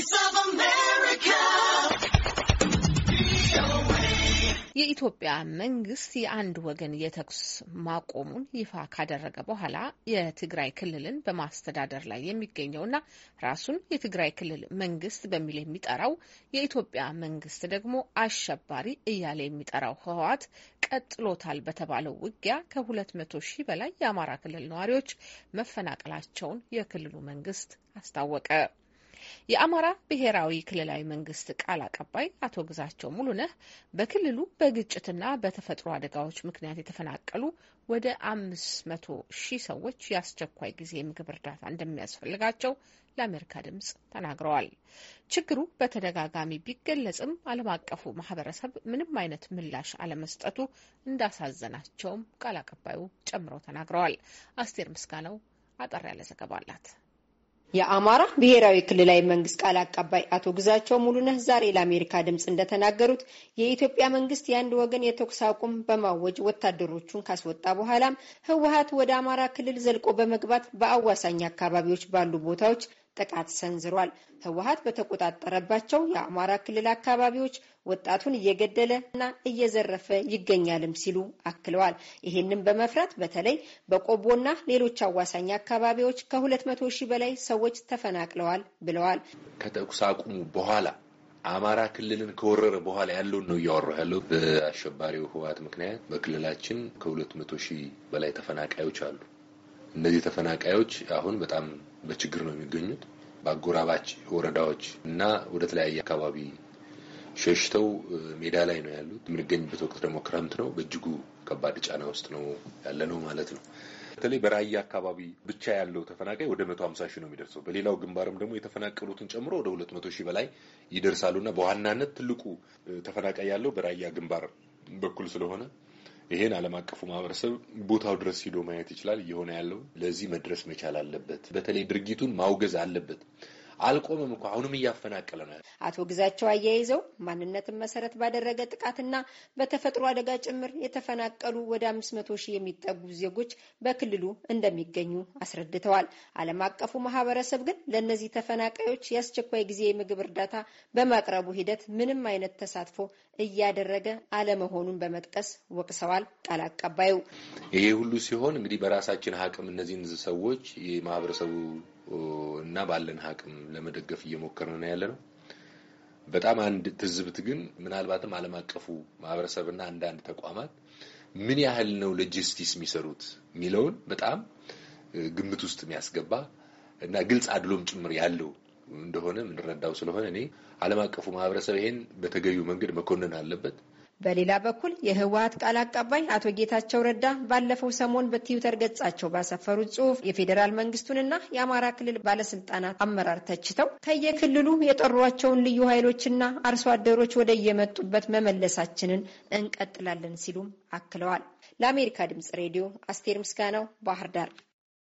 Voice of America. የኢትዮጵያ መንግስት የአንድ ወገን የተኩስ ማቆሙን ይፋ ካደረገ በኋላ የትግራይ ክልልን በማስተዳደር ላይ የሚገኘውና ራሱን የትግራይ ክልል መንግስት በሚል የሚጠራው የኢትዮጵያ መንግስት ደግሞ አሸባሪ እያለ የሚጠራው ህወሓት ቀጥሎታል በተባለው ውጊያ ከ200 ሺህ በላይ የአማራ ክልል ነዋሪዎች መፈናቀላቸውን የክልሉ መንግስት አስታወቀ። የአማራ ብሔራዊ ክልላዊ መንግስት ቃል አቀባይ አቶ ግዛቸው ሙሉነህ በክልሉ በግጭትና በተፈጥሮ አደጋዎች ምክንያት የተፈናቀሉ ወደ አምስት መቶ ሺህ ሰዎች የአስቸኳይ ጊዜ ምግብ እርዳታ እንደሚያስፈልጋቸው ለአሜሪካ ድምጽ ተናግረዋል። ችግሩ በተደጋጋሚ ቢገለጽም ዓለም አቀፉ ማህበረሰብ ምንም አይነት ምላሽ አለመስጠቱ እንዳሳዘናቸውም ቃል አቀባዩ ጨምረው ተናግረዋል። አስቴር ምስጋናው አጠር ያለ ዘገባ አላት። የአማራ ብሔራዊ ክልላዊ መንግስት ቃል አቀባይ አቶ ግዛቸው ሙሉነህ ዛሬ ለአሜሪካ ድምፅ እንደተናገሩት የኢትዮጵያ መንግስት የአንድ ወገን የተኩስ አቁም በማወጅ ወታደሮቹን ካስወጣ በኋላም ህወሀት ወደ አማራ ክልል ዘልቆ በመግባት በአዋሳኝ አካባቢዎች ባሉ ቦታዎች ጥቃት ሰንዝሯል። ህወሀት በተቆጣጠረባቸው የአማራ ክልል አካባቢዎች ወጣቱን እየገደለ እና እየዘረፈ ይገኛልም ሲሉ አክለዋል። ይህንም በመፍራት በተለይ በቆቦና ሌሎች አዋሳኝ አካባቢዎች ከሁለት መቶ ሺህ በላይ ሰዎች ተፈናቅለዋል ብለዋል። ከተኩስ አቁሙ በኋላ አማራ ክልልን ከወረረ በኋላ ያለውን ነው እያወራ ያለው። በአሸባሪው ህወሀት ምክንያት በክልላችን ከሁለት መቶ ሺህ በላይ ተፈናቃዮች አሉ። እነዚህ ተፈናቃዮች አሁን በጣም በችግር ነው የሚገኙት። በአጎራባች ወረዳዎች እና ወደ ተለያየ አካባቢ ሸሽተው ሜዳ ላይ ነው ያሉት። የምንገኝበት ወቅት ደግሞ ክረምት ነው። በእጅጉ ከባድ ጫና ውስጥ ነው ያለ ነው ማለት ነው። በተለይ በራያ አካባቢ ብቻ ያለው ተፈናቃይ ወደ መቶ ሀምሳ ሺህ ነው የሚደርሰው። በሌላው ግንባርም ደግሞ የተፈናቀሉትን ጨምሮ ወደ ሁለት መቶ ሺህ በላይ ይደርሳሉ እና በዋናነት ትልቁ ተፈናቃይ ያለው በራያ ግንባር በኩል ስለሆነ ይሄን ዓለም አቀፉ ማህበረሰብ ቦታው ድረስ ሂዶ ማየት ይችላል። እየሆነ ያለው ለዚህ መድረስ መቻል አለበት። በተለይ ድርጊቱን ማውገዝ አለበት። አልቆምም እኮ አሁንም እያፈናቀለ ነው። አቶ ግዛቸው አያይዘው ማንነትን መሰረት ባደረገ ጥቃትና በተፈጥሮ አደጋ ጭምር የተፈናቀሉ ወደ አምስት መቶ ሺህ የሚጠጉ ዜጎች በክልሉ እንደሚገኙ አስረድተዋል። ዓለም አቀፉ ማህበረሰብ ግን ለእነዚህ ተፈናቃዮች የአስቸኳይ ጊዜ የምግብ እርዳታ በማቅረቡ ሂደት ምንም አይነት ተሳትፎ እያደረገ አለመሆኑን በመጥቀስ ወቅሰዋል። ቃል አቀባዩ ይሄ ሁሉ ሲሆን እንግዲህ በራሳችን አቅም እነዚህን ሰዎች የማህበረሰቡ እና ባለን አቅም ለመደገፍ እየሞከርን ነው ያለ ነው። በጣም አንድ ትዝብት ግን ምናልባትም ዓለም አቀፉ ማህበረሰብና አንዳንድ ተቋማት ምን ያህል ነው ለጀስቲስ የሚሰሩት የሚለውን በጣም ግምት ውስጥ የሚያስገባ እና ግልጽ አድሎም ጭምር ያለው እንደሆነ የምንረዳው ስለሆነ እኔ ዓለም አቀፉ ማህበረሰብ ይሄን በተገቢው መንገድ መኮንን አለበት። በሌላ በኩል የህወሀት ቃል አቀባይ አቶ ጌታቸው ረዳ ባለፈው ሰሞን በትዊተር ገጻቸው ባሰፈሩት ጽሁፍ የፌዴራል መንግስቱንና የአማራ ክልል ባለስልጣናት አመራር ተችተው ከየክልሉ የጠሯቸውን ልዩ ኃይሎችና አርሶ አደሮች ወደ የመጡበት መመለሳችንን እንቀጥላለን ሲሉም አክለዋል። ለአሜሪካ ድምጽ ሬዲዮ አስቴር ምስጋናው ባህር ዳር